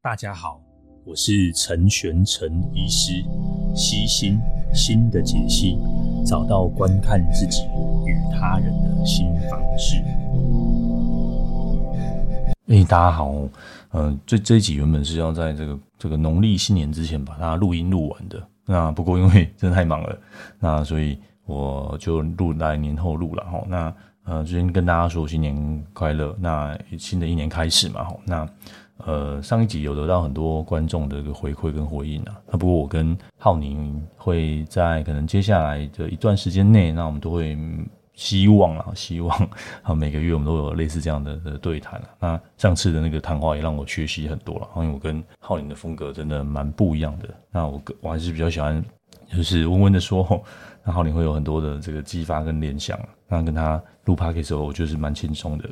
大家好，我是陳玄成醫師，析心，心的解析，找到觀看自己與他人的新方式。哎、欸，大家好，嗯、呃，這這一集原本是要在這個這個農曆新年之前把它錄音錄完的，那不過因為真的太忙了，那所以我就錄在年後錄了哈。那呃，先跟大家說新年快樂，那新的一年開始嘛，哈，那。呃，上一集有得到很多觀眾的一個回饋跟回應啊。那不過我跟浩寧會在可能接下來的一段時間內，那我們都會希望啊，希望啊每個月我們都有類似這樣的的對談啊。那上次的那個談話也讓我學習很多了，因為我跟浩寧的風格真的蠻不一樣的。那我我我還是比較喜歡就是溫溫的說，然後你會有很多的這個激發跟聯想。那跟他錄 podcast 的時候，我覺得的，我就是蠻輕鬆的。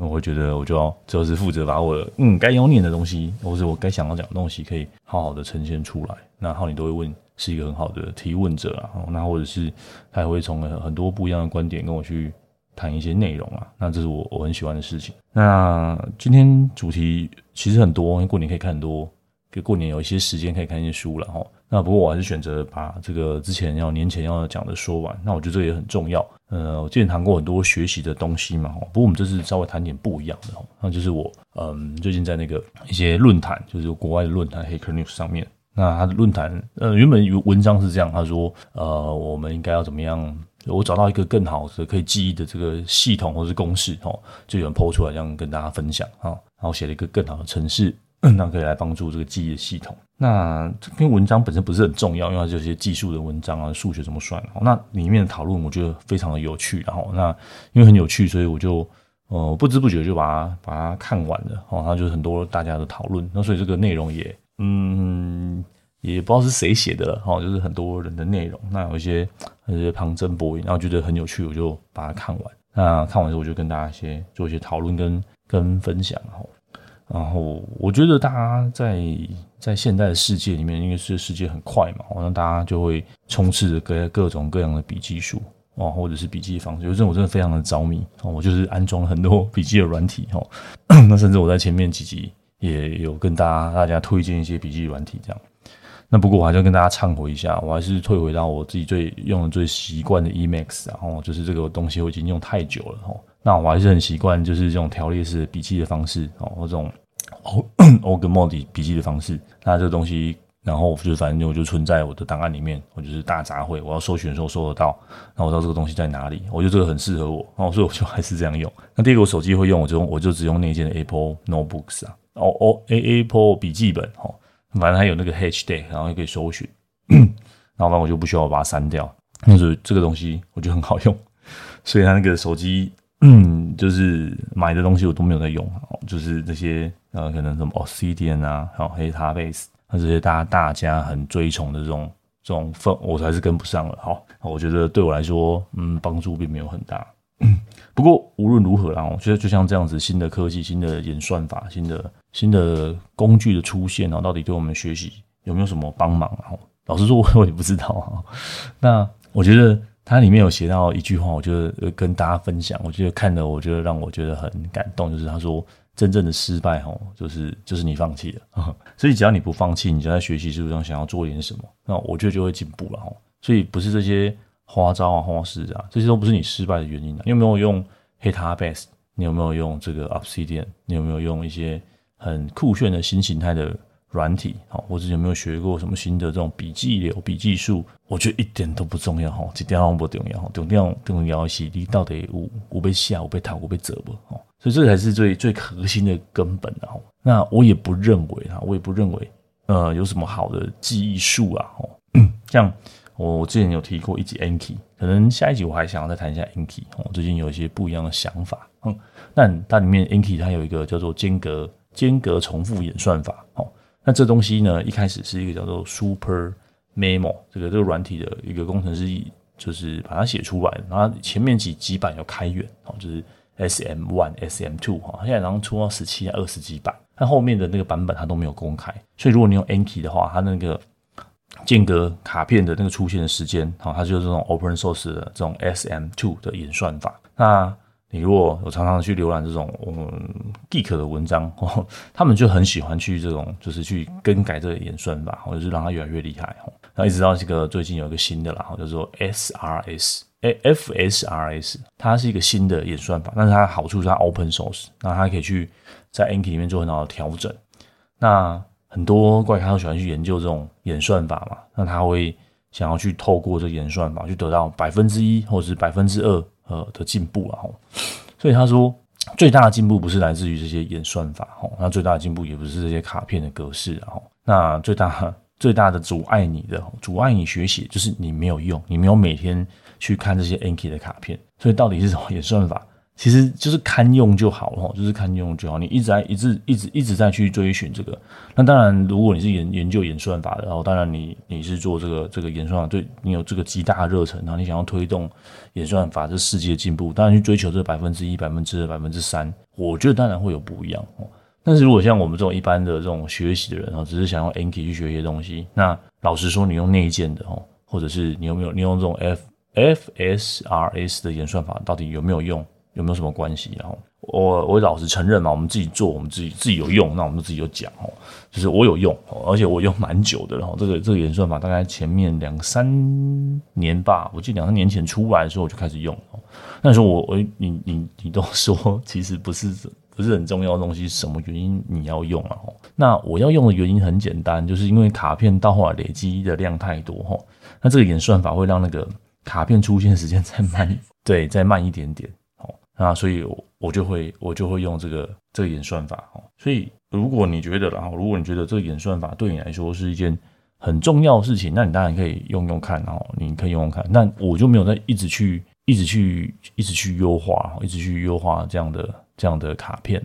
我會覺得我就要就是負責把我的嗯該要念的東西，或者我該想要講的東西，可以好好的呈現出來。然後你都會問，是一個很好的提問者啊。那或者是他還會從很多不一樣的觀點跟我去談一些內容啊。那這是我我很喜歡的事情。那今天主題其實很多，過年可以看很多。給過年有一些時間可以看一些書了哈。那不過我還是選擇把這個之前要年前要講的說完。那我覺得這個也很重要。呃，我之前談過很多學習的東西嘛哈。不過我們這次稍微談點不一樣的哈。那就是我嗯、呃，最近在那個一些論壇，就是國外的論壇 Hacker News 上面，那他的論壇呃，原本有文章是這樣，他說呃，我們應該要怎麼樣？我找到一個更好的可以記憶的這個系統或是公式哈，就有人 po 出來這樣跟大家分享哈，然後寫了一個更好的程式。那可以來幫助這個記憶的系統。那這篇文章本身不是很重要，因為它是有些技術的文章啊，數學怎麼算？喔、那裡面的討論我覺得非常的有趣。然、喔、後，那因為很有趣，所以我就呃不知不覺就把它把它看完了。然、喔、後就是很多大家的討論，那所以這個內容也嗯也不知道是誰寫的哈、喔，就是很多人的內容。那有一些一些旁徵博引，然後覺得很有趣，我就把它看完。那看完之後，我就跟大家一些做一些討論跟跟分享。喔然後我覺得大家在在現代的世界裡面，因為是世界很快嘛，然後大家就會充斥着各各種各樣的筆記術哦，或者是筆記方式，有時候我真的非常的着迷，我就是安裝了很多筆記的軟體哈，那甚至我在前面幾集也有跟大家大家推薦一些筆記軟體這樣。那不過我還是要跟大家懺悔一下，我還是退回到我自己最用的，最習慣的、啊、最習慣的 Emacs，然後就是這個東西我已經用太久了哈、哦。那我還是很習慣就是這種條列式的筆記的方式哦，或這種 Org Mode 筆記的方式。那這個東西，然後我就反正我就存在我的檔案裡面，我就是大雜燴，我要搜尋的時候搜得到，那我知道這個東西在哪裡，我覺得這個很適合我，那、哦、所以我就還是這樣用。那第一個我手機會用，我就用我就只用內建的 Apple Notebooks 啊，哦哦 A,，A Apple 筆記本哈。哦反正它有那個 H Day，然後又可以搜尋， 然後反正我就不需要我把它刪掉、嗯。那是這個東西我覺得很好用， 所以他那個手機，嗯， 就是買的東西我都沒有在用，就是那些呃，可能什麼 Obsidian 啊，還 有 Heptabase，那這些大家大家很追崇的這種這種風，我還是跟不上了。好，我覺得對我來說，嗯，幫助並沒有很大。嗯。 不過無論如何啦，我覺得就像這樣子，新的科技、新的演算法、新的新的工具的出現，然後到底對我們學習有沒有什麼幫忙啊？老實說，我也不知道哈。那我覺得它裡面有寫到一句話，我就跟大家分享。我覺得看了，我覺得讓我覺得很感動，就是他說：“真正的失敗，哦，就是就是你放棄了。”所以只要你不放棄，你就在學習之中想要做點什麼，那我覺得就會進步了哈。所以不是這些。花招啊，花式啊，這些都不是你失敗的原因啊。你有沒有用 Heptabase？你有沒有用這個 Obsidian？你有沒有用一些很酷炫的新形態的軟體？好，或者有沒有學過什麼新的這種筆記流筆記術？我覺得一點都不重要哈，這點都不重要哈，重要重要的是你到底我我被嚇，我被套，我被折磨哦。所以這才是最最核心的根本哦、啊，那我也不認為哈，我也不認為呃有什麼好的記憶術啊哦、嗯，像。我之前有提過一集 Anki，可能下一集我還想要再談一下 Anki、哦。我最近有一些不一樣的想法，嗯，但那它裡面 Anki 它有一個叫做間隔間隔重複演算法，哦、那這東西呢一開始是一個叫做 Super Memo，這個這個軟體的一個工程師就是把它寫出來，然後前面幾幾版有開源，好、哦，就是 SM One、SM Two、哦、哈，現在然後出到十七、二十幾版，它後面的那個版本它都沒有公開，所以如果你用 Anki 的話，它那個。間隔卡片的那個出現的時間，好，它就是這種 open source 的這種 SM2 的演算法。那你如果我常常去瀏覽這種嗯 geek 的文章，哦，他們就很喜歡去這種，就是去更改這個演算法，或者是讓它越來越厲害，哦，那一直到這個最近有一個新的啦，吼，叫做 SRS，哎，FSRS，它是一個新的演算法。但是它的好處是它 open source，那它可以去在 Anki 裡面做很好的調整。那很多怪咖都喜歡去研究這種演算法嘛，那他會想要去透過這演算法去得到百分之一或者是百分之二呃的進步了吼，所以他說最大的進步不是來自於這些演算法吼，那最大的進步也不是這些卡片的格式然後。那最大最大的阻礙，你的阻礙，你學習就是你沒有用，你沒有每天去看這些 Anki 的卡片，所以到底是什麼演算法？其實就是堪用就好了，就是堪用就好。你一直在一直一直一直在去追尋這個，那當然，如果你是研研究演算法的，然後當然你你是做這個這個演算法，對你有這個極大的熱忱，然後你想要推動演算法這世界的進步，當然去追求這百分之一、百分之二、百分之三，我覺得當然會有不一樣。但是如果像我們這種一般的這種學習的人啊，只是想用 Anki 去學一些東西，那老實說，你用內建的哦，或者是你有沒有你用這種 FSRS 的演算法，到底有沒有用？有沒有什麼關係啊？然後我我老實承認嘛，我們自己做，我們自己自己有用，那我們就自己就講哦，就是我有用，而且我用蠻久的。然後這個這個演算法大概前面兩三年吧，我記得兩三年前出來的時候我就開始用，那時候我我你你你都說其實不是不是很重要的東西，什麼原因你要用啊？那我要用的原因很簡單，就是因為卡片到後來累積的量太多哦，那這個演算法會讓那個卡片出現時間再慢，對，再慢一點點。啊，所以，我就會，我就會用這個這個演算法哦。所以，如果你覺得，啦，然後如果你覺得這個演算法對你來說是一件很重要的事情，那你當然可以用用看，哦，你可以用用看。那我就沒有再一直去，一直去，一直去優化，一直去優化這樣的這樣的卡片。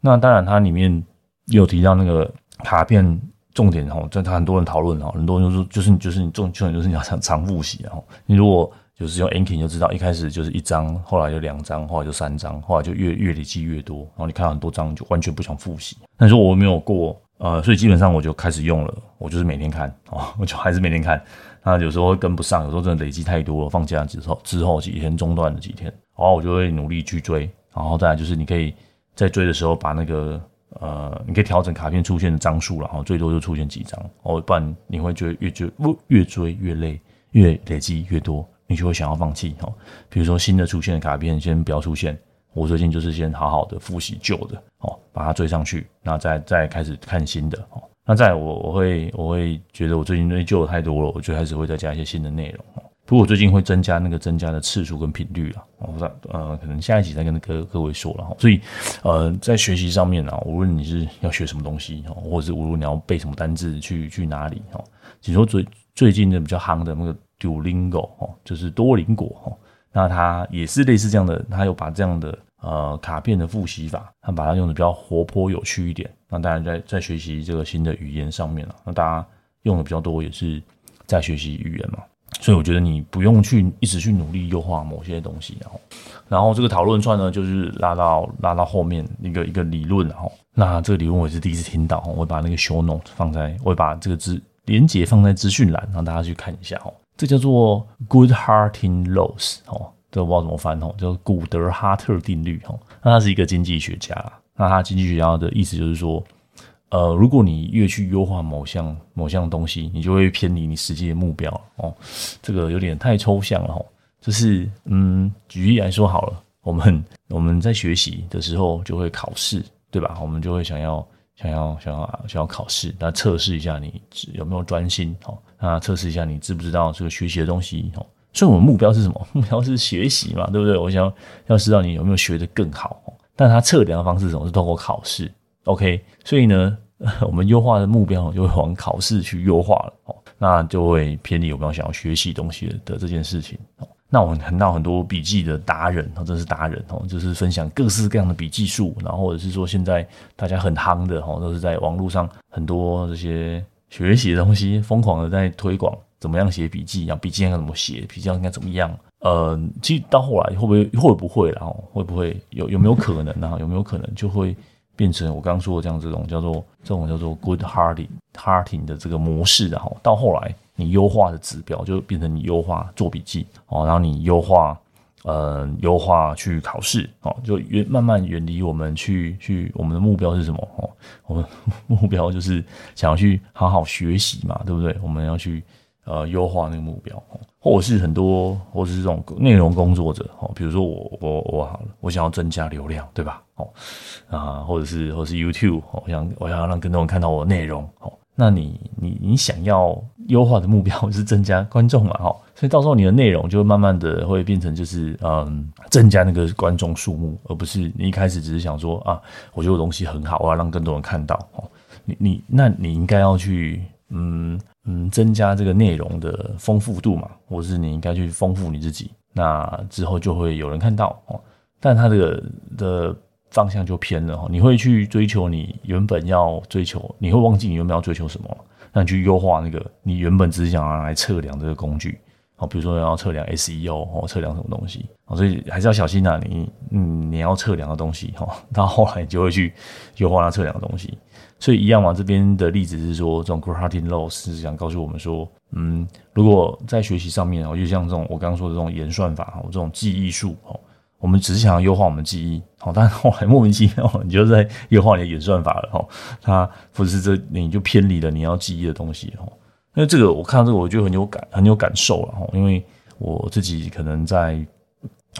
那當然，它裡面有提到那個卡片重點，然後在它很多人討論，然後很多人就說、是就是，就是你，就是你重重點就是你要常常複習，然後你如果。就是用 Anki 就知道，一開始就是一張，後來就兩張，後來就三張，後來就越越累積越多。然後你看到很多張，就完全不想複習。那時候我沒有過，呃，所以基本上我就開始用了，我就是每天看，哦，我就還是每天看。那有時候會跟不上，有時候真的累積太多了，放假之後之後幾天中斷了幾天，然後我就會努力去追。然後再來就是，你可以在追的時候把那個呃，你可以調整卡片出現的張數，然後最多就出現幾張。哦，不然你會覺得越追越追越累，越累積越多。你就會想要放棄哦。比如說新的出現的卡片，先不要出現。我最近就是先好好的複習舊的哦，把它追上去，那再再開始看新的哦。那再我我會我會覺得我最近對舊的太多了，我最開始會再加一些新的內容哦。不過我最近會增加那個增加的次數跟頻率了。我不知道呃可能下一集再跟各各位說了。所以呃在學習上面啊，無論你是要學什麼東西哦，或者是無論你要背什麼單字去去哪裡哦，僅說最最近的比較夯的那個。Duolingo 就是多鄰國，那它也是類似這樣的，它有把這樣的呃卡片的複習法，它把它用得比較活潑有趣一點。那大家在在學習這個新的語言上面啊，那大家用得比較多也是在學習語言嘛，所以我覺得你不用去一直去努力優化某些東西，然後，然後這個討論串呢，就是拉到拉到後面一個一個理論，然後，那這個理論我也是第一次聽到，我會把那個 show notes 放在，我會把這個資連結放在資訊欄，讓大家去看一下哦。這叫做 Goodharting Loss 哈、哦，這個不知道怎麼翻哈、哦，叫古德哈特定律哈、哦。那他是一個經濟學家，那他經濟學家的意思就是說，呃，如果你越去優化某項某項東西，你就會偏離你實際的目標哦。這個有點太抽象了哈。就是嗯，舉例來說好了，我們我們在學習的時候就會考試，對吧？我們就會想要想要想要想要考試，那測試一下你有沒有專心哦。啊，測試一下你知不知道這個學習的東西哦。所以我們目標是什麼？目標是學習嘛，對不對？我想要知道你有沒有學得更好。但它測量的方式總是通過考試，OK？所以呢，我們優化的目標就會往考試去優化了哦，那就會偏離有沒有想要學習東西的這件事情哦。那我們看到很多筆記的達人，哦，這是達人哦，就是分享各式各樣的筆記術，然後或者是說現在大家很夯的哦，都是在網絡上很多這些。學習的東西瘋狂的在推廣，怎麼樣寫筆記、啊？然後筆記應該怎麼寫？筆記應該怎麼樣？呃，其實到後來會不會會不會，會不會？然後會不會有有沒有可能呢、啊？有沒有可能就會變成我剛剛說的這樣這種叫做這種叫做 Goodharting Goodharting 的這個模式啊？到後來你優化的指標就變成你優化做筆記哦，然後你優化。呃，優化去考試哦，就遠慢慢遠離我們去去，我們的目標是什麼哦？我們目標就是想要去好好學習嘛，對不對？我們要去呃優化那個目標哦，或者是很多，或者是這種內容工作者哦，比如說我我我好了，我想要增加流量，對吧？哦啊，呃，或者是或者是 YouTube，哦，我想我要讓更多人看到我的內容哦。那你你你想要優化的目標是增加觀眾嘛？哦。所以到時候你的內容就會慢慢的會變成就是嗯增加那個觀眾數目，而不是你一開始只是想說啊，我覺得我東西很好，我要讓更多人看到哦。你你那你應該要去嗯嗯增加這個內容的豐富度嘛，或者是你應該去豐富你自己，那之後就會有人看到哦。但他這個的方向就偏了哦，你會去追求你原本要追求，你會忘記你原本要追求什麼，那你去優化那個你原本只是想要來測量這個工具。哦，比如說要測量 SEO 哦，測量什麼東西哦，所以還是要小心啊你，嗯，你要測量的東西哦，到後來你就會去優化它測量的東西。所以一樣嘛，這邊的例子是說，這種 Goodhart's Law 是想告訴我們說，嗯，如果在學習上面哦，就像這種我剛剛說的這種演算法，我這種記憶術哦，我們只是想要優化我們的記憶哦，但後來莫名其妙你就在優化你的演算法了哦，它不是這，你就偏離了你要記憶的東西哦。因為這個，我看到這個，我就很有感，很有感受了哈。因為我自己可能在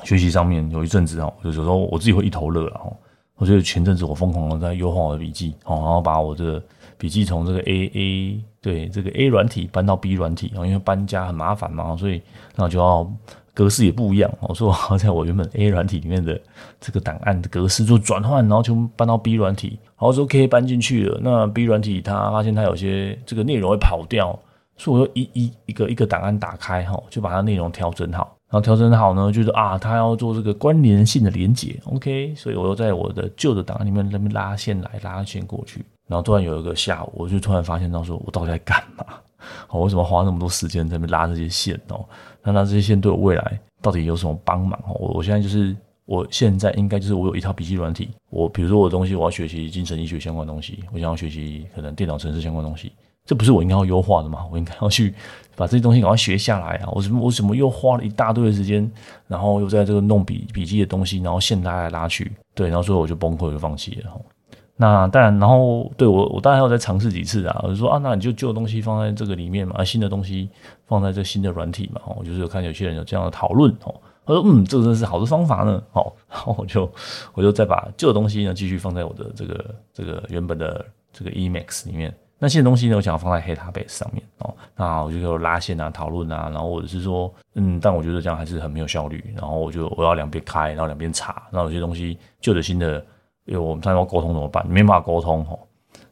學習上面有一陣子哈，就有時候我自己會一頭熱了哈。我覺得前陣子我瘋狂的在優化我的筆記然後把我的筆記從這,這個 A A 對這個 A 軟體搬到 B 軟體，因為搬家很麻煩嘛，所以那我就要格式也不一樣。我說我在我原本 A 軟體裡面的這個檔案的格式就轉換，然後就搬到 B 軟體，然後說可以搬進去了。那 B 軟體它發現它有些這個內容會跑掉。所以我就一一一個一個檔案打開哈，就把它內容調整好，然後調整好呢，就是啊，他要做這個關聯性的連接，OK，所以我又在我的舊的檔案裡面那邊拉線來拉線過去，然後突然有一個下午，我就突然發現到說，我到底在幹嘛？我為什麼花那麼多時間在那邊拉這些線？哦，那那這些線對我未來到底有什麼幫忙？哦，我現在就是我現在應該就是我有一套筆記軟體，我比如說我的東西，我要學習精神醫學相關的東西，我想要學習可能電腦程式相關的東西。這不是我應該要優化的嘛，我應該要去把這些東西趕快學下來啊！我怎麼我怎麼又花了一大堆的時間，然後又在這個弄筆筆記的東西，然後線拉來拉去，對，然後所以我就崩潰，我就放棄了。那當然，然後對我我當然還要再嘗試幾次啊！我就說啊，那你就舊的東西放在這個裡面嘛，啊，新的東西放在這新的軟體嘛。我就是有看有些人有這樣的討論哦，他說嗯，這個真是好的方法呢。好，哦，然後我就我就再把舊的東西呢繼續放在我的這個這個原本的這個 Emacs 裡面。那些東西呢？我想要放在黑塔貝斯上面哦。那我就我拉線啊、討論啊，然後或者是說，嗯，但我覺得這樣還是很沒有效率。然後我就我要兩邊開，然後兩邊查。那有些東西舊的、新的，有我們三個要溝通怎麼辦？沒辦法溝通哈，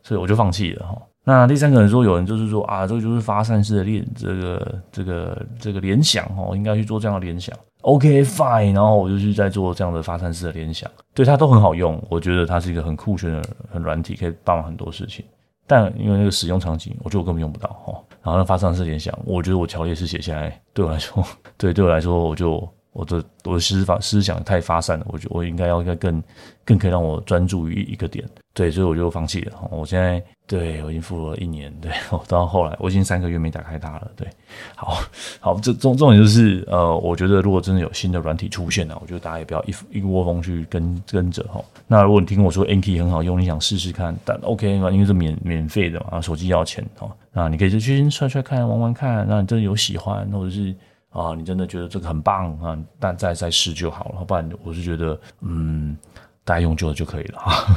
所以我就放棄了哈。那第三個人說，有人就是說啊，這個就是發散式的練這個、這個、這個聯想哦，應該去做這樣的聯想。OK fine，然後我就去再做這樣的發散式的聯想。對它都很好用，我覺得它是一個很酷炫的很軟體，可以幫忙很多事情。但因為那個使用場景，我覺得我根本用不到哈、喔。然後那發散式聯想，我覺得我條列式寫下來，對我來說，對對我來說，我就。我的我的思法思想太發散了，我覺得我應該要更更更可以讓我專注於一個點，對，所以我就放棄了。我現在對我已經付了一年，對到後來我已經三個月沒打開它了。對，好好這重重點就是呃，我覺得如果真的有新的軟體出現啊，我覺得大家也不要一一窩蜂去跟跟着哈。那如果你聽我說 Anki 很好用，你想試試看，但 OK 嗎？因為是免免費的嘛，手機要錢哦。那你可以就去試試看，玩玩看，那你真的有喜歡或者是。啊，你真的覺得這個很棒啊？但再再試就好了，不然我是覺得，嗯，大家用久了就可以了哈，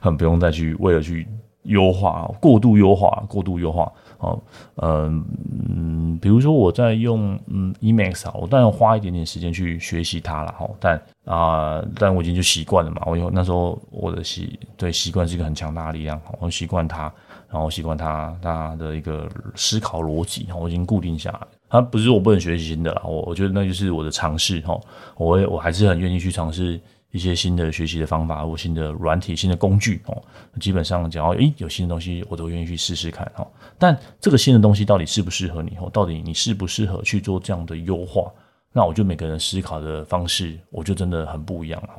很不用再去為了去優化過度優化過度優化啊。嗯嗯，比如說我在用嗯 Emacs 啊，我當然花一點點時間去學習它了哈，但啊，但我已經就習慣了嘛。我以後那時候我的習對習慣是一個很強大的力量，我習慣它，然後習慣它，它的一個思考邏輯，我已經固定下來了。他不是我不能學習新的啦，我我覺得那就是我的嘗試哈。我我還是很願意去嘗試一些新的學習的方法或新的軟體、新的工具哦。基本上，只要誒有新的東西，我都願意去試試看哈。但這個新的東西到底適不適合你？哦，到底你適不適合去做這樣的優化？那我就每個人思考的方式，我就真的很不一樣哈。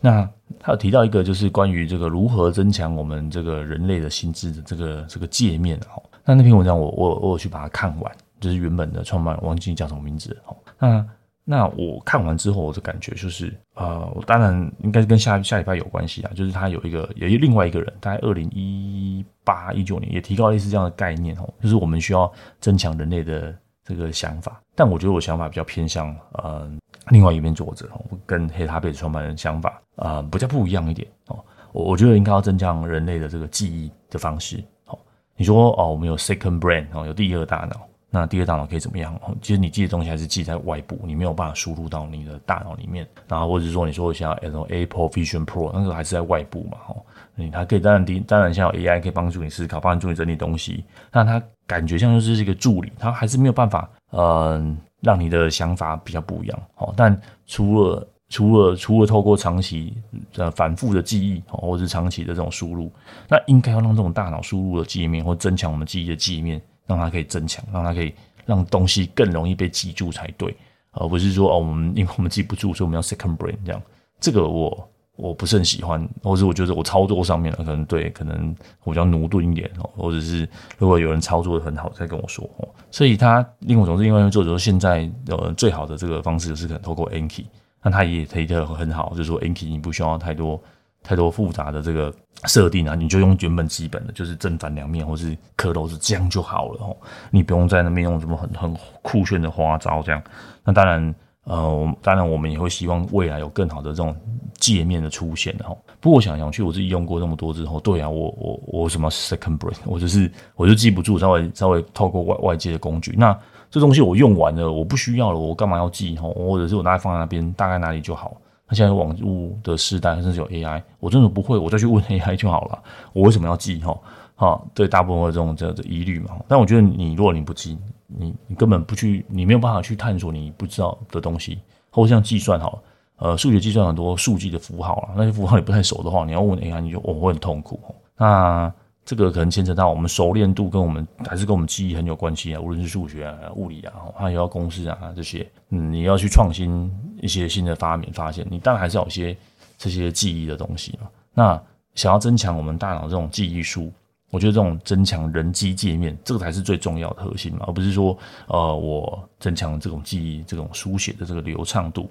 那他提到一個，就是關於這個如何增強我們這個人類的心智的這個這個界面哈。那那篇文章我，我我我去把它看完。就是原本的創辦人，忘記叫什麼名字哦。那那我看完之後，我的感覺就是，呃，我當然應該是跟下下禮拜有關係啊。就是他有一個，有一另外一個人，大概二零一八一九年也提到類似這樣的概念哦、呃，就是我們需要增強人類的這個想法。但我覺得我想法比較偏向，嗯、呃，另外一邊作者哦、呃，跟黑塔貝的創辦人的想法啊、呃，比較不一樣一點哦。我、呃、我覺得應該要增強人類的這個記憶的方式哦、呃。你說哦、呃，我們有 second brain 哦、呃，有第二大腦。那第二大腦可以怎麼樣？其實你記的東西還是記在外部，你沒有辦法輸入到你的大腦裡面。然後或者說你說像 Apple Vision Pro，那個還是在外部嘛，哈，你它可以當然當然像有 AI 可以幫助你思考，幫助你整理東西，那它感覺像就是一個助理，它還是沒有辦法嗯、呃，讓你的想法比較不一樣。好，但除了除了除了透過長期的反覆的記憶，或是長期的這種輸入，那應該要讓這種大腦輸入的界面，或增強我們記憶的界面。讓它可以增強，讓它可以讓東西更容易被記住才對，而不是說哦，我們因為我們記不住，所以我們要 second brain 這樣，這個我我不是很喜歡，或是我覺得我操作上面可能對，可能我比較駑鈍一點哦，或者是如果有人操作的很好，再跟我說哦。所以他因為我總是另外做的時候，說現在呃最好的這個方式就是可能透過 Anki，那他也可以很好，就是說 Anki 你不需要太多。太多複雜的這個設定啊，你就用原本基本的，就是正反兩面，或是克漏字，這樣就好了哦，你不用在那邊用什麼很很酷炫的花招這樣。那當然，呃，當然我們也會希望未來有更好的這種界面的出現的吼。不過我想想去，我自己用過那麼多之後，對啊，我我我什麼 second break，我就是我就記不住，稍微稍微透過外外界的工具。那這東西我用完了，我不需要了，我幹嘛要記吼？或者是我拿來放在那邊，大概哪裡就好。現在網路的時代，甚至有 AI，我真的不會，我再去問 AI 就好了。我為什麼要記？哈，好，對大部分的這種這樣的疑慮嘛。但我覺得你，如果你不記，你你根本不去，你沒有辦法去探索你不知道的東西，或者像計算好了，呃，數學計算很多數據的符號了，那些符號你不太熟的話，你要問 AI，你就我會很痛苦。那。這個可能牽扯到我們熟練度跟我們還是跟我們記憶很有關係啊，無論是數學啊、物理啊，還有公式啊這些，嗯，你要去創新一些新的發明發現，你當然還是要有些這些記憶的東西嘛。那想要增強我們大腦這種記憶術，我覺得這種增強人機界面，這個才是最重要的核心嘛，而不是說呃，我增強這種記憶、這種書寫的這個流暢度，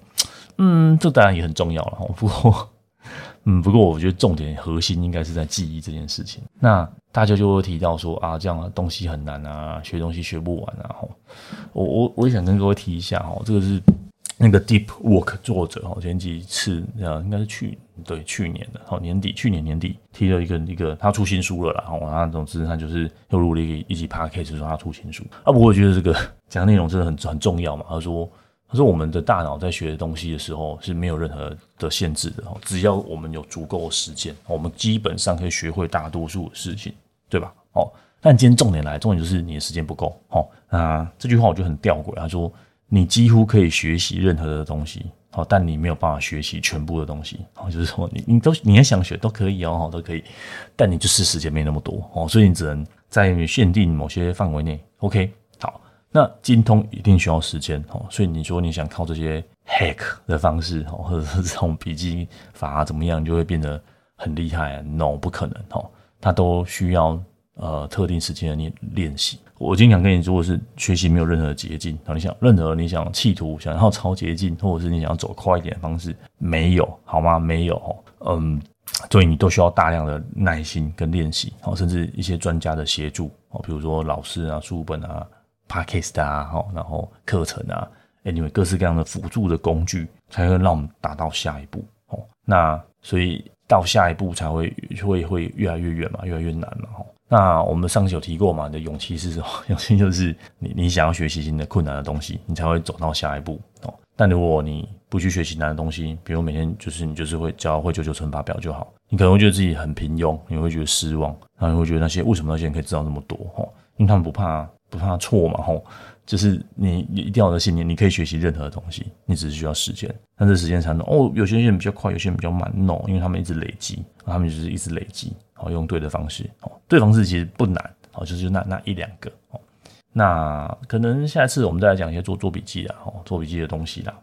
嗯，這當然也很重要了，不過。呵呵嗯，不過我覺得重點核心應該是在記憶這件事情。那大家就會提到說啊，這樣東西很難啊，學東西學不完啊。吼，我我我也想跟各位提一下哦，這個是那個 Deep Work 作者哦，前幾次呃，應該是去對去年的哦年底，去年年底提了一個那個，他出新書了啦，然後他總之他就是又錄了一集 podcast 說他出新書啊。不過我覺得這個講的內容真的很很重要嘛，他說。可是我們的大腦在學東西的時候是沒有任何的限制的哦，只要我們有足夠的時間，我們基本上可以學會大多數的事情，對吧？哦，但今天重點來，重點就是你的時間不夠哦。啊、呃，這句話我覺得很吊詭，他說你幾乎可以學習任何的東西哦，但你沒有辦法學習全部的東西哦，就是說你你都你也想學都可以哦，都可以，但你就是時間沒那麼多哦，所以你只能在限定某些範圍內，OK。那精通一定需要時間哦，所以你說你想靠這些 hack 的方式哦，或者是這種筆記法怎麼樣，你就會變得很厲害？No，不可能哦，他都需要呃特定時間的你練習。我經常跟你說的是，學習沒有任何捷徑。你想任何你想企圖想要超捷徑，或者是你想要走快一點的方式，沒有好嗎？沒有，嗯，所以你都需要大量的耐心跟練習哦，甚至一些專家的協助哦，比如說老師啊、書本啊。podcast 啊，好，然後課程啊，哎，你們各式各樣的輔助的工具，才會讓我們達到下一步哦。那所以到下一步才會會會越來越遠嘛，越來越難嘛。哦，那我們上次有提過嘛，的勇氣是什麼？勇氣就是你你想要學習新的困難的東西，你才會走到下一步哦。但如果你不去學習難的東西，比如每天就是你就是會只要會九九乘法表就好，你可能會覺得自己很平庸，你會覺得失望，然後你會覺得那些為什麼那些人可以知道那麼多？哈、哦，因為他們不怕、啊。不怕錯嘛？吼，就是你一定要有的信念，你可以學習任何東西，你只是需要時間。但是時間才能哦，有些人比較快，有些人比較慢，no，、嗯、因為他們一直累積，他們就是一直累積，好用對的方式，哦，對方式其實不難，哦，就是那那一兩個，哦，那可能下次我們再來講一些做做筆記啦，哦，做筆記的東西啦，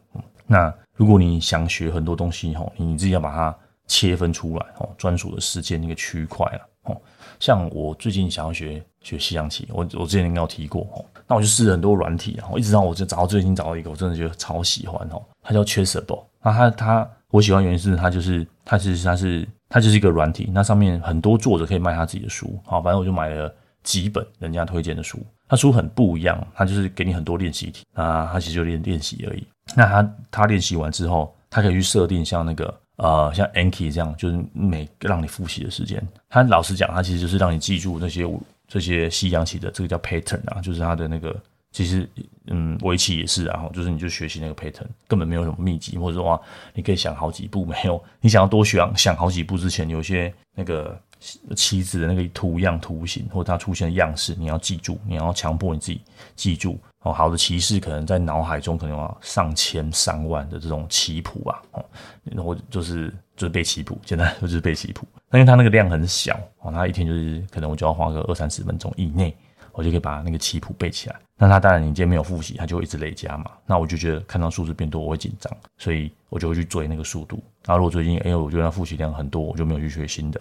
那如果你想學很多東西，吼，你自己要把它切分出來，哦，專屬的時間那個區塊啦，哦。像我最近想要學學西洋棋，我我之前應該有提過哦，那我就試了很多軟體啊，我一直到我就找到最近找到一個，我真的覺得超喜歡哦。它叫 Chessable，那它它我喜歡的原因是它就是它其實它是，它，是它就是一個軟體，那上面很多作者可以賣他自己的書，好，反正我就買了幾本人家推薦的書，他書很不一樣，他就是給你很多練習題啊，他其實就練練習而已，那他他練習完之後，他可以去設定像那個。呃，像 Anki 這樣，就是每讓你複習的時間，他老實講，他其實就是讓你記住那些這些西洋棋的，這個叫 pattern 啊，就是他的那個，其實嗯，圍棋也是，啊，然後就是你就學習那個 pattern，根本沒有什麼秘籍，或者說啊，你可以想好幾步，沒有，你想要多想想好幾步之前，有些那個。棋子的那個圖樣、圖形，或者它出現的樣式，你要記住，你要強迫你自己記住。哦，好的，棋士可能在腦海中可能有上千、上萬的這種棋譜啊，哦，然後就是就是背棋譜，簡單就是背棋譜。那因為他那個量很小，哦，他一天就是可能我就要花個二三十分鐘以內。我就可以把那個棋譜背起來，那他當然你今天沒有復習，他就一直累加嘛。那我就覺得看到數字變多，我會緊張，所以我就會去追那個速度。然後如果最近哎、欸，我覺得他復習量很多，我就沒有去學新的。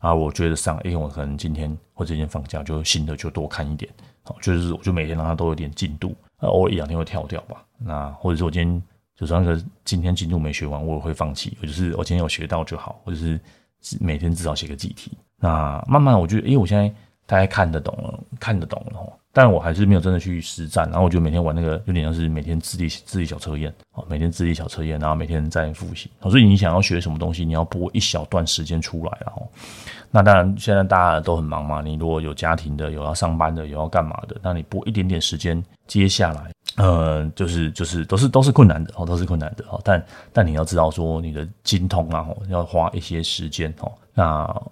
然後我覺得上哎、欸，我可能今天或者今天放假我就新的就多看一點，好，就是我就每天讓他都有一點進度，那偶爾一兩天會跳掉吧。那或者是我今天就是那個今天進度沒學完，我也會放棄。我就是我今天有學到就好，或者是每天至少寫個幾題。那慢慢我覺得哎，我現在。大家看得懂了，看得懂了哦。但我還是沒有真的去實戰，然後我就每天玩那個，有點像是每天自己自己小測驗哦，每天自己小測驗，然後每天在複習。所以你想要學什麼東西，你要撥一小段時間出來，然後那當然現在大家都很忙嘛。你如果有家庭的，有要上班的，有要幹嘛的，那你撥一點點時間。接下來，嗯、呃，就是就是都是都是困難的哦，都是困難的哦。但但你要知道說，你的精通啊，要花一些時間哦。那。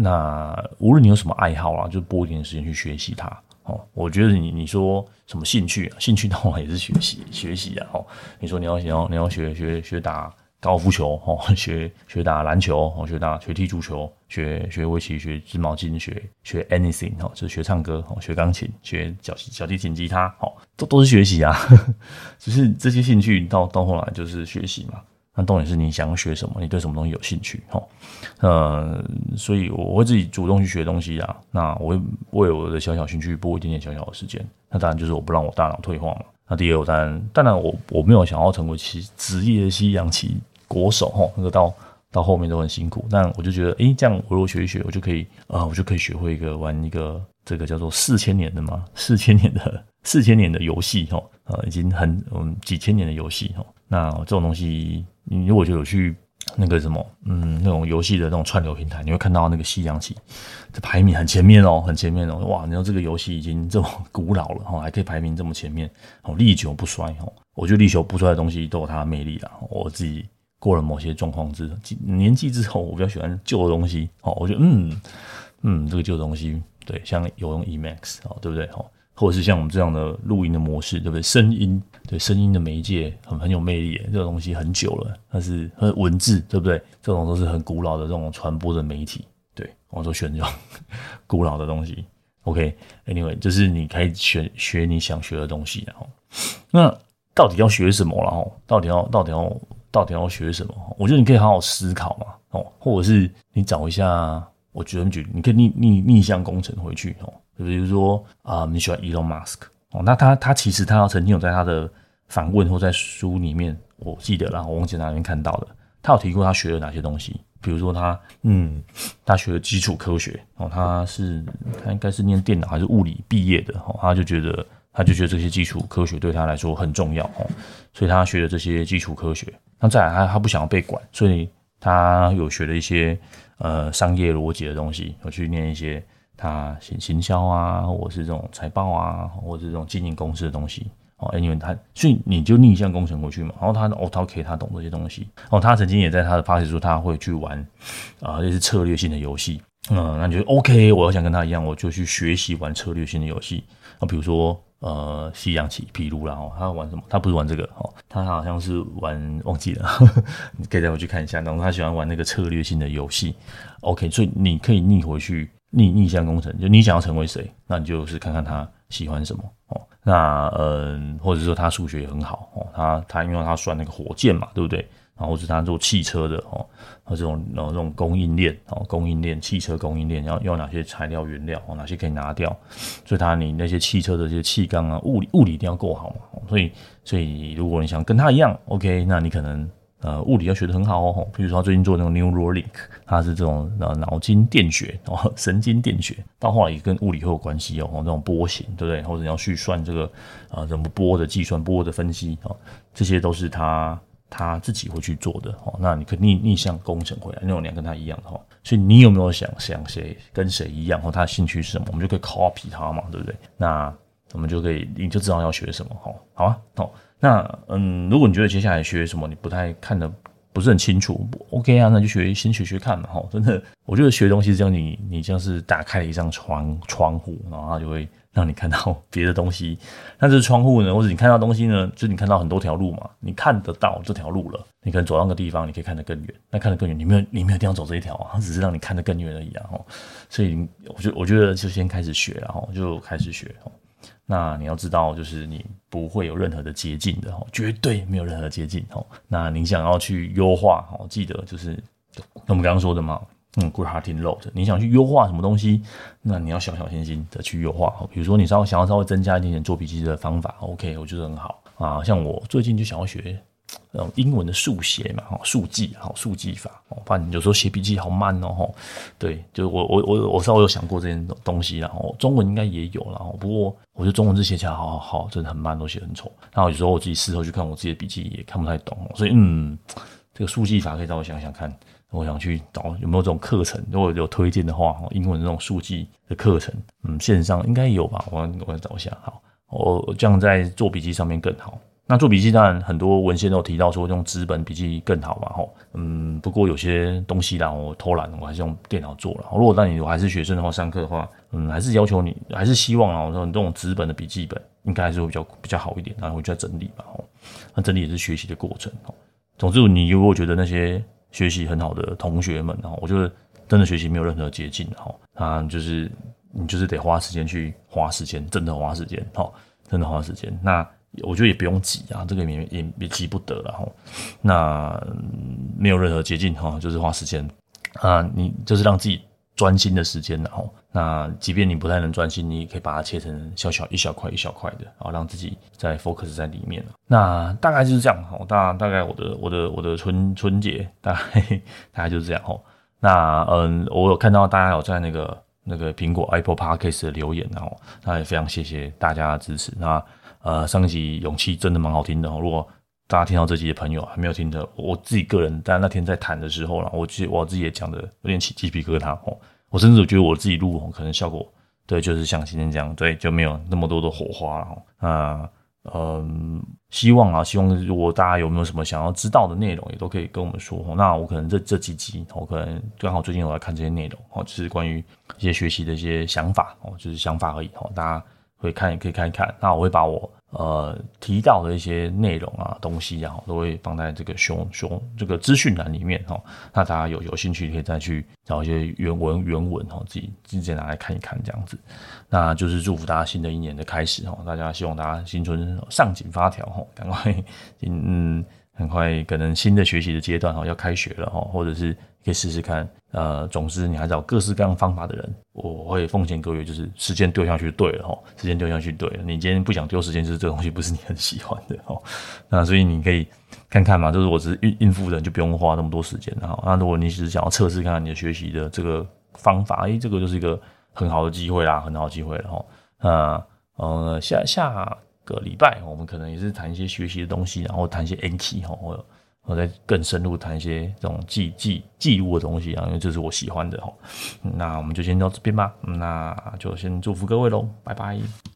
那無論你有什麼愛好啦、啊，就撥一點時間去學習它哦。我覺得你你說什麼興趣啊，興趣到後來也是學習學習啊哦。你說你要你要你要學學學打高爾夫球哦，學學打籃球哦，學打學踢足球，學學圍棋學，學織毛巾，學學 anything 哦，就是學唱歌哦，學鋼琴，學小小提琴、吉他哦，都都是學習啊，只、就是這些興趣到到後來就是學習嘛。那到底是你想學什麼？你對什麼東西有興趣？哈、哦，呃，所以我會自己主動去學東西啊。那我會為我的小小興趣撥一點點小小的時間。那當然就是我不讓我大腦退化嘛。那第二，我當然，當然我我沒有想要成為其職業的西洋棋國手哈、哦。那個到到後面都很辛苦。但我就覺得，哎、欸，這樣我如果學一學，我就可以啊、呃，我就可以學會一個玩一個這個叫做四千年的嘛，四千年的四千年的遊戲哈。呃，已經很嗯幾千年的遊戲哈。那這種東西。你如果就有去那個什麼，嗯，那種遊戲的那種串流平台，你會看到那個西洋棋這排名很前面哦，很前面哦。哇，你說這個遊戲已經這麼古老了，哦，還可以排名這麼前面，哦，歷久不衰哦。我覺得歷久不衰的東西都有它的魅力啦、啊。我自己過了某些狀況之年紀之後，我比較喜歡舊的東西，哦，我覺得，嗯嗯，這個舊東西，對，像有用 EMAX，哦，對不對，哦。或者是像我們這樣的錄音的模式，對不對？聲音對聲音的媒介很很有魅力，這個東西很久了。但是，是文字，對不對？這種都是很古老的這種傳播的媒體。對，我說選這種古老的東西。OK，Anyway，okay, 就是你可以學學你想學的東西啦，然後那到底要學什麼啦？然後到底要到底要到底要，到底要學什麼？我覺得你可以好好思考嘛。哦，或者是你找一下，我覺得，你可以逆逆逆向工程回去哦。就比如說啊、嗯，你喜歡 Elon Musk 哦，那他他其實他曾經有在他的訪問或在書裡面，我記得啦，我忘記哪邊看到的，他有提過他學了哪些東西，比如說他嗯，他學了基礎科學哦，他是他應該是念電腦還是物理畢業的哦，他就覺得他就覺得這些基礎科學對他來說很重要哦，所以他學了這些基礎科學，那再來他他不想要被管，所以他有學了一些呃商業邏輯的東西，我去念一些。他行行銷啊，或者是這種財報啊，或者是這種經營公司的東西哦。因為他，所以你就逆向工程過去嘛。然後他的哦，他可以，他懂這些東西哦。他曾經也在他的發帖說他會去玩啊，就、呃、是策略性的遊戲。嗯、呃，那你覺得 OK？我也想跟他一樣，我就去學習玩策略性的遊戲。那比如說呃，西洋棋，比如然後他玩什麼？他不是玩這個哦，他好像是玩忘記了。呵呵你可以帶我去看一下。然後他喜歡玩那個策略性的遊戲。OK，所以你可以逆回去。逆逆向工程，就你想要成為誰，那你就是看看他喜歡什麼哦。那嗯、呃，或者說他數學也很好哦，他他因為他算那個火箭嘛，對不對？然後或者他做汽車的哦，他這種然後這種供應鏈哦，供應鏈汽車供應鏈要要有哪些材料原料哦，哪些可以拿掉？所以他你那些汽車的這些氣缸啊，物理物理一定要夠好嘛。所以所以如果你想跟他一樣，OK，那你可能。呃，物理要學得很好哦。比如說，他最近做那種 Neuralink，他是這種腦、啊、腦筋電學哦，神經電學到後來也跟物理會有關係哦，哦。這種波形，對不對？或者你要去算這個啊、呃，什麼波的計算、波的分析哦，這些都是他他自己會去做的哦。那你可以逆逆向工程回來，那種你要跟他一樣哦。所以你有沒有想想誰跟誰一樣？哦，他的興趣是什麼？我們就可以 copy 他嘛，對不對？那我們就可以你就知道要學什麼哦。好啊，哦。那嗯，如果你覺得接下來學什麼你不太看的不是很清楚，OK 啊，那就學先學學看嘛吼。真的，我覺得學的東西這樣，你你像是打開了一扇窗窗戶，然後它就會讓你看到別的東西。那這窗戶呢，或者你看到東西呢，就你看到很多條路嘛，你看得到這條路了，你可能走到那個地方，你可以看得更遠。那看得更遠，你沒有你沒有地方走這一條啊，它只是讓你看得更遠而已啊。所以我覺得我覺得就先開始學啦，然後就開始學哦。那你要知道，就是你不會有任何的捷徑的吼，絕對沒有任何捷徑哦。那你想要去優化吼，記得就是那我們剛剛說的嘛，嗯 g o o d h a r t i n Load。你想去優化什麼東西，那你要小小心心的去優化吼。比如說，你稍想要稍微增加一點點做筆記的方法，OK，我覺得很好啊。像我最近就想要學。嗯，英文的速寫嘛，哈，速記，好，速記法。我發現有時候寫筆記好慢哦，對，就我我我我稍微有想過這件東東西啦，然後中文應該也有啦。不過我覺得中文字寫起來好好好，真的很慢，都寫很醜。然後有時候我自己事後去看我自己的筆記，也看不太懂。所以嗯，這個速記法可以找我想想看，我想去找有沒有這種課程，如果有推薦的話，英文這種速記的課程，嗯，線上應該有吧？我我來找一下，好，我這樣在做筆記上面更好。那做筆記當然很多文獻都有提到說用紙本筆記更好嘛，吼，嗯，不過有些東西啦我偷懶，我還是用電腦做了。如果當你還是學生的話，上課的話，嗯，還是要求你，還是希望啊，我說你這種紙本的筆記本應該還是會比較比較好一點，然後我就在整理吧，吼，那整理也是學習的過程，吼。總之，你如果覺得那些學習很好的同學們，然後我覺得真的學習沒有任何捷徑，哈，啊，就是你就是得花時間去花時間，真的花時間，哈，真的花時間，那。我覺得也不用急啊，這個也也也,也急不得了哈。那、嗯、沒有任何捷徑哈，就是花時間啊、呃，你就是讓自己專心的時間，然後那即便你不太能專心，你也可以把它切成小小一小塊一小塊的啊，然後讓自己再 focus 在裡面。那大概就是這樣哈。大大概我的我的我的,我的春春節大概 大概就是這樣哈。那嗯、呃，我有看到大家有在那個那個蘋果 Apple Podcast 的留言、啊，然後那也非常謝謝大家的支持那。呃，上一集勇氣真的蠻好聽的哦。如果大家聽到這集的朋友還沒有聽的，我自己個人，但那天在談的時候了，我覺我自己也講的有點起雞皮疙瘩哦。我甚至我覺得我自己錄哦，可能效果對，就是像今天這樣，對，就沒有那麼多的火花了哦。那嗯、呃，希望啊，希望如果大家有沒有什麼想要知道的內容，也都可以跟我們說。那我可能這這幾集，我可能剛好最近有在看這些內容哦，就是關於一些學習的一些想法哦，就是想法而已哦。大家會看也可以看一看，那我會把我。呃，提到的一些內容啊，東西然後，都會放在這個熊熊這個資訊欄裡面哈。那大家有有興趣可以再去找一些原文原文哈，自己自己拿來看一看這樣子。那就是祝福大家新的一年的開始哈。大家希望大家新春上緊發條哈，趕快嗯，很快可能新的學習的階段哈要開學了哈，或者是。可以試試看，呃，總之你還找各式各樣方法的人，我會奉勸各位，就是時間丟下去對了哈，時間丟下去對了。你今天不想丟時間，就是這個東西不是你很喜歡的。那所以你可以看看嘛，就是我只是應付的人，就不用花那麼多時間。那如果你只是想要測試看看你的學習的這個方法，哎、欸，這個就是一個很好的機會啦，很好機會了哈。那、呃、下下個禮拜我們可能也是談一些學習的東西，然後談一些 Anki 哈。或者我再更深入談一些這種記記記錄的東西啊，因為這是我喜歡的吼。那我們就先到這邊吧，那就先祝福各位嘍，拜拜。